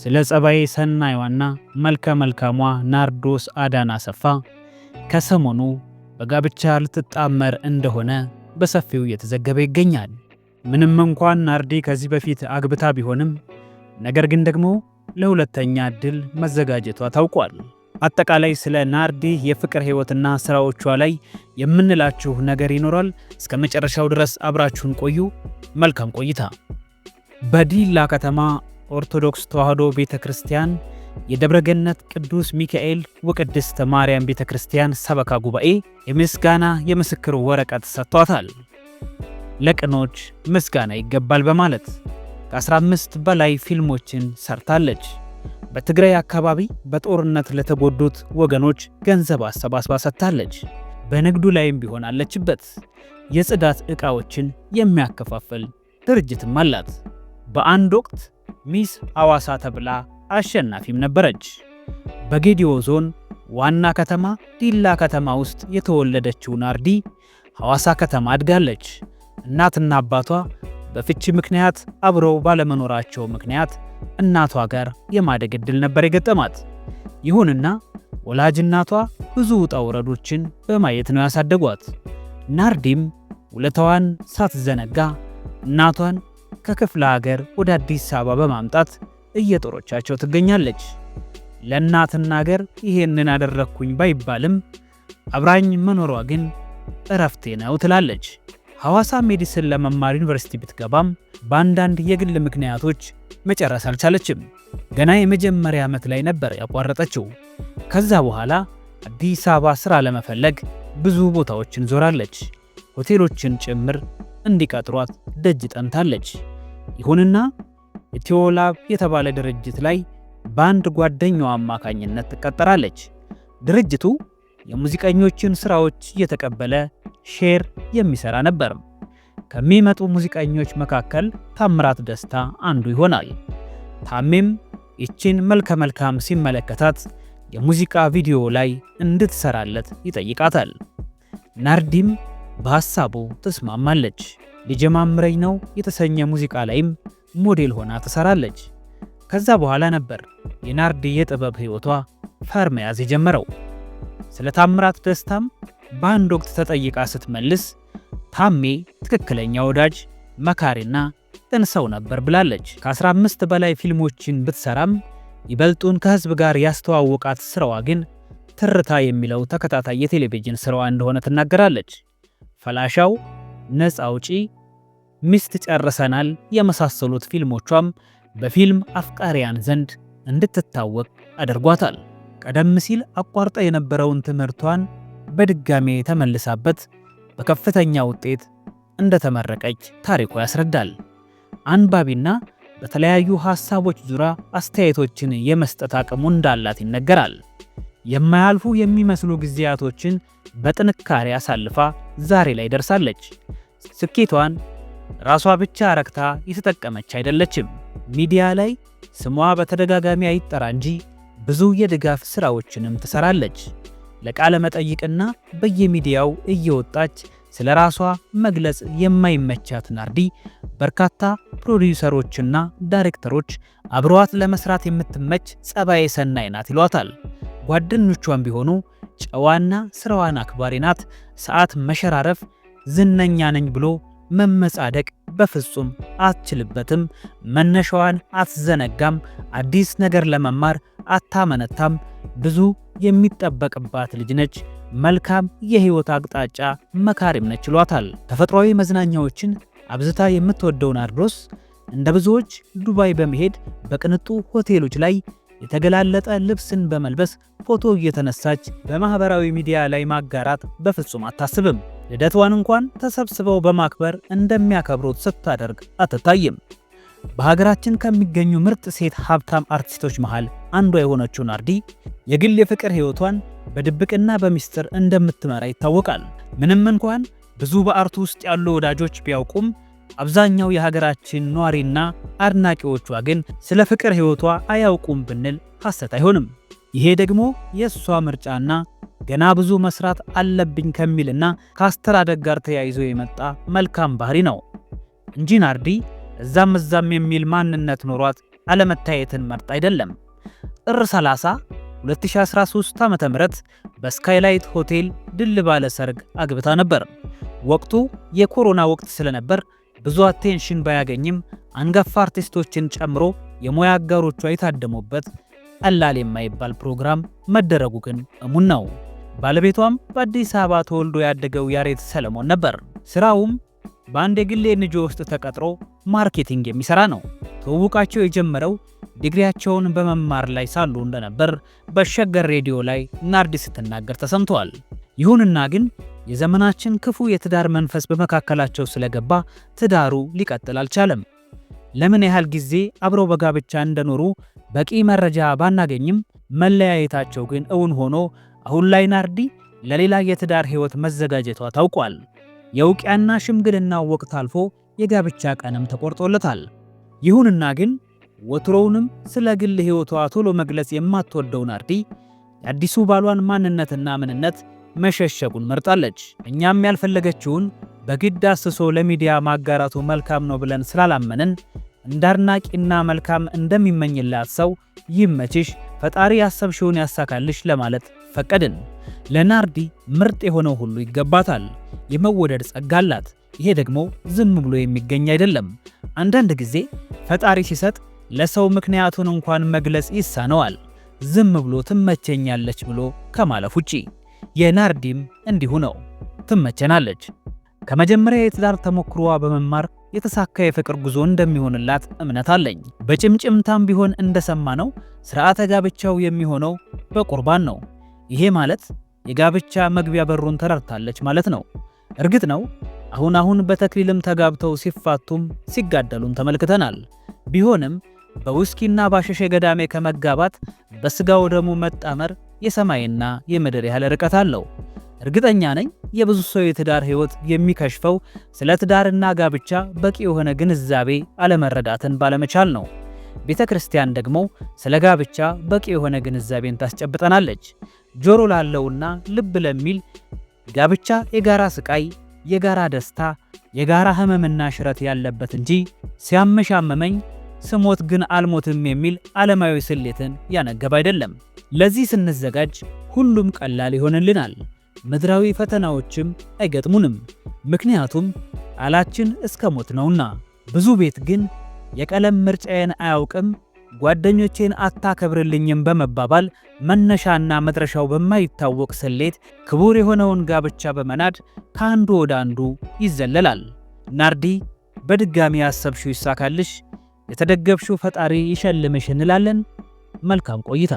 ስለ ጸባይ ሰናይዋና መልከ መልካሟ ናርዶስ አዳና አሰፋ ከሰሞኑ በጋብቻ ልትጣመር እንደሆነ በሰፊው እየተዘገበ ይገኛል። ምንም እንኳን ናርዲ ከዚህ በፊት አግብታ ቢሆንም ነገር ግን ደግሞ ለሁለተኛ እድል መዘጋጀቷ ታውቋል። አጠቃላይ ስለ ናርዲ የፍቅር ሕይወትና ሥራዎቿ ላይ የምንላችሁ ነገር ይኖራል። እስከ መጨረሻው ድረስ አብራችሁን ቆዩ። መልካም ቆይታ። በዲላ ከተማ ኦርቶዶክስ ተዋሕዶ ቤተ ክርስቲያን የደብረገነት ቅዱስ ሚካኤል ወቅድስተ ማርያም ቤተ ክርስቲያን ሰበካ ጉባኤ የምስጋና የምስክር ወረቀት ሰጥቷታል። ለቅኖች ምስጋና ይገባል በማለት ከ15 በላይ ፊልሞችን ሰርታለች። በትግራይ አካባቢ በጦርነት ለተጎዱት ወገኖች ገንዘብ አሰባስባ ሰጥታለች። በንግዱ ላይም ቢሆን አለችበት። የጽዳት ዕቃዎችን የሚያከፋፍል ድርጅትም አላት። በአንድ ወቅት ሚስ ሐዋሳ ተብላ አሸናፊም ነበረች። በጌዲዮ ዞን ዋና ከተማ ዲላ ከተማ ውስጥ የተወለደችው ናርዲ ሐዋሳ ከተማ አድጋለች። እናትና አባቷ በፍቺ ምክንያት አብረው ባለመኖራቸው ምክንያት እናቷ ጋር የማደግ ዕድል ነበር የገጠማት። ይሁንና ወላጅ እናቷ ብዙ ውጣ ውረዶችን በማየት ነው ያሳደጓት። ናርዲም ውለታዋን ሳትዘነጋ እናቷን ከክፍለ ሀገር ወደ አዲስ አበባ በማምጣት እየጦሮቻቸው ትገኛለች። ለእናትና ሀገር ይሄንን አደረግኩኝ ባይባልም አብራኝ መኖሯ ግን እረፍቴ ነው ትላለች። ሐዋሳ ሜዲስን ለመማር ዩኒቨርሲቲ ብትገባም በአንዳንድ የግል ምክንያቶች መጨረስ አልቻለችም። ገና የመጀመሪያ ዓመት ላይ ነበር ያቋረጠችው። ከዛ በኋላ አዲስ አበባ ሥራ ለመፈለግ ብዙ ቦታዎችን ዞራለች። ሆቴሎችን ጭምር እንዲቀጥሯት ደጅ ጠንታለች። ይሁንና ኢትዮላብ የተባለ ድርጅት ላይ በአንድ ጓደኛዋ አማካኝነት ትቀጠራለች። ድርጅቱ የሙዚቀኞችን ስራዎች እየተቀበለ ሼር የሚሰራ ነበርም። ከሚመጡ ሙዚቀኞች መካከል ታምራት ደስታ አንዱ ይሆናል። ታሜም ይችን መልከ መልካም ሲመለከታት የሙዚቃ ቪዲዮ ላይ እንድትሰራለት ይጠይቃታል። ናርዲም በሐሳቡ ትስማማለች። ሊጀማምረኝ ነው የተሰኘ ሙዚቃ ላይም ሞዴል ሆና ትሰራለች። ከዛ በኋላ ነበር የናርዲ የጥበብ ሕይወቷ ፈር መያዝ የጀመረው። ስለ ታምራት ደስታም በአንድ ወቅት ተጠይቃ ስትመልስ ታሜ ትክክለኛ ወዳጅ፣ መካሪና ጥንሰው ነበር ብላለች። ከ15 በላይ ፊልሞችን ብትሰራም ይበልጡን ከህዝብ ጋር ያስተዋወቃት ስራዋ ግን ትርታ የሚለው ተከታታይ የቴሌቪዥን ስራዋ እንደሆነ ትናገራለች። ፈላሻው ነፃ አውጪ፣ ሚስት ጨርሰናል የመሳሰሉት ፊልሞቿም በፊልም አፍቃሪያን ዘንድ እንድትታወቅ አድርጓታል። ቀደም ሲል አቋርጣ የነበረውን ትምህርቷን በድጋሜ ተመልሳበት በከፍተኛ ውጤት እንደተመረቀች ታሪኩ ያስረዳል። አንባቢና በተለያዩ ሐሳቦች ዙሪያ አስተያየቶችን የመስጠት አቅሙ እንዳላት ይነገራል። የማያልፉ የሚመስሉ ጊዜያቶችን በጥንካሬ አሳልፋ ዛሬ ላይ ደርሳለች። ስኬቷን ራሷ ብቻ አረክታ የተጠቀመች አይደለችም። ሚዲያ ላይ ስሟ በተደጋጋሚ አይጠራ እንጂ ብዙ የድጋፍ ስራዎችንም ትሰራለች። ለቃለ መጠይቅና በየሚዲያው እየወጣች ስለ ራሷ መግለጽ የማይመቻት ናርዲ በርካታ ፕሮዲውሰሮችና ዳይሬክተሮች አብረዋት ለመስራት የምትመች ጸባይ ሰናይ ናት ይሏታል። ጓደኞቿም ቢሆኑ ጨዋና ስራዋን አክባሪ ናት። ሰዓት መሸራረፍ፣ ዝነኛ ነኝ ብሎ መመጻደቅ በፍጹም አትችልበትም። መነሻዋን አትዘነጋም። አዲስ ነገር ለመማር አታመነታም። ብዙ የሚጠበቅባት ልጅ ነች። መልካም የህይወት አቅጣጫ መካሪም ነች ይሏታል። ተፈጥሯዊ መዝናኛዎችን አብዝታ የምትወደውን አድሮስ እንደ ብዙዎች ዱባይ በመሄድ በቅንጡ ሆቴሎች ላይ የተገላለጠ ልብስን በመልበስ ፎቶ እየተነሳች በማህበራዊ ሚዲያ ላይ ማጋራት በፍጹም አታስብም። ልደቷን እንኳን ተሰብስበው በማክበር እንደሚያከብሩት ስታደርግ አትታይም። በሀገራችን ከሚገኙ ምርጥ ሴት ሀብታም አርቲስቶች መሃል አንዷ የሆነችው ናርዲ የግል የፍቅር ሕይወቷን በድብቅና በሚስጥር እንደምትመራ ይታወቃል። ምንም እንኳን ብዙ በአርቱ ውስጥ ያሉ ወዳጆች ቢያውቁም አብዛኛው የሀገራችን ነዋሪና አድናቂዎቿ ግን ስለ ፍቅር ሕይወቷ አያውቁም ብንል ሐሰት አይሆንም። ይሄ ደግሞ የእሷ ምርጫና ገና ብዙ መስራት አለብኝ ከሚልና ከአስተዳደግ ጋር ተያይዞ የመጣ መልካም ባህሪ ነው እንጂ ናርዲ እዛም እዛም የሚል ማንነት ኖሯት አለመታየትን መርጥ አይደለም። ጥር 30 2013 ዓ ም በስካይላይት ሆቴል ድል ባለ ሰርግ አግብታ ነበር። ወቅቱ የኮሮና ወቅት ስለነበር ብዙ አቴንሽን ባያገኝም አንጋፋ አርቲስቶችን ጨምሮ የሙያ አጋሮቿ የታደሙበት ቀላል የማይባል ፕሮግራም መደረጉ ግን እሙን ነው። ባለቤቷም በአዲስ አበባ ተወልዶ ያደገው ያሬት ሰለሞን ነበር። ስራውም በአንድ የግል ኤንጂኦ ውስጥ ተቀጥሮ ማርኬቲንግ የሚሰራ ነው። ትውውቃቸው የጀመረው ዲግሪያቸውን በመማር ላይ ሳሉ እንደነበር በሸገር ሬዲዮ ላይ ናርዲ ስትናገር ተሰምተዋል። ይሁንና ግን የዘመናችን ክፉ የትዳር መንፈስ በመካከላቸው ስለገባ ትዳሩ ሊቀጥል አልቻለም። ለምን ያህል ጊዜ አብረው በጋብቻ እንደኖሩ በቂ መረጃ ባናገኝም መለያየታቸው ግን እውን ሆኖ አሁን ላይ ናርዲ ለሌላ የትዳር ሕይወት መዘጋጀቷ ታውቋል። የውቅያና ሽምግልና ወቅት አልፎ የጋብቻ ቀንም ተቆርጦለታል። ይሁንና ግን ወትሮውንም ስለ ግል ሕይወቷ ቶሎ መግለጽ የማትወደው ናርዲ የአዲሱ ባሏን ማንነትና ምንነት መሸሸጉን መርጣለች። እኛም ያልፈለገችውን በግድ አስሶ ለሚዲያ ማጋራቱ መልካም ነው ብለን ስላላመንን እንደ አድናቂና መልካም እንደሚመኝላት ሰው ይመችሽ፣ ፈጣሪ ያሰብሽውን ያሳካልሽ ለማለት ፈቀድን። ለናርዲ ምርጥ የሆነው ሁሉ ይገባታል። የመወደድ ጸጋ አላት። ይሄ ደግሞ ዝም ብሎ የሚገኝ አይደለም። አንዳንድ ጊዜ ፈጣሪ ሲሰጥ ለሰው ምክንያቱን እንኳን መግለጽ ይሳነዋል። ዝም ብሎ ትመቸኛለች ብሎ ከማለፍ ውጪ የናርዲም እንዲሁ ነው። ትመቸናለች። ከመጀመሪያ የትዳር ተሞክሮዋ በመማር የተሳካ የፍቅር ጉዞ እንደሚሆንላት እምነት አለኝ። በጭምጭምታም ቢሆን እንደሰማነው ስርዓተ ጋብቻው የሚሆነው በቁርባን ነው። ይሄ ማለት የጋብቻ መግቢያ በሩን ተረድታለች ማለት ነው። እርግጥ ነው አሁን አሁን በተክሊልም ተጋብተው ሲፋቱም ሲጋደሉም ተመልክተናል። ቢሆንም በውስኪና ባሸሸ ገዳሜ ከመጋባት በስጋው ደሙ መጣመር የሰማይና የምድር ያህል ርቀት አለው። እርግጠኛ ነኝ የብዙ ሰው የትዳር ህይወት የሚከሽፈው ስለ ትዳርና ጋብቻ በቂ የሆነ ግንዛቤ አለመረዳትን ባለመቻል ነው። ቤተ ክርስቲያን ደግሞ ስለ ጋብቻ በቂ የሆነ ግንዛቤን ታስጨብጠናለች። ጆሮ ላለውና ልብ ለሚል ጋብቻ የጋራ ስቃይ፣ የጋራ ደስታ፣ የጋራ ህመምና ሽረት ያለበት እንጂ ሲያመሻመመኝ ስሞት ግን አልሞትም የሚል ዓለማዊ ስሌትን ያነገብ አይደለም። ለዚህ ስንዘጋጅ ሁሉም ቀላል ይሆንልናል፣ ምድራዊ ፈተናዎችም አይገጥሙንም። ምክንያቱም ቃላችን እስከ ሞት ነውና። ብዙ ቤት ግን የቀለም ምርጫዬን አያውቅም ጓደኞቼን አታከብርልኝም በመባባል መነሻና መድረሻው በማይታወቅ ስሌት ክቡር የሆነውን ጋብቻ በመናድ ከአንዱ ወደ አንዱ ይዘለላል። ናርዲ፣ በድጋሚ ያሰብሽው ይሳካልሽ። የተደገፍሽው ፈጣሪ ይሸልምሽ እንላለን። መልካም ቆይታ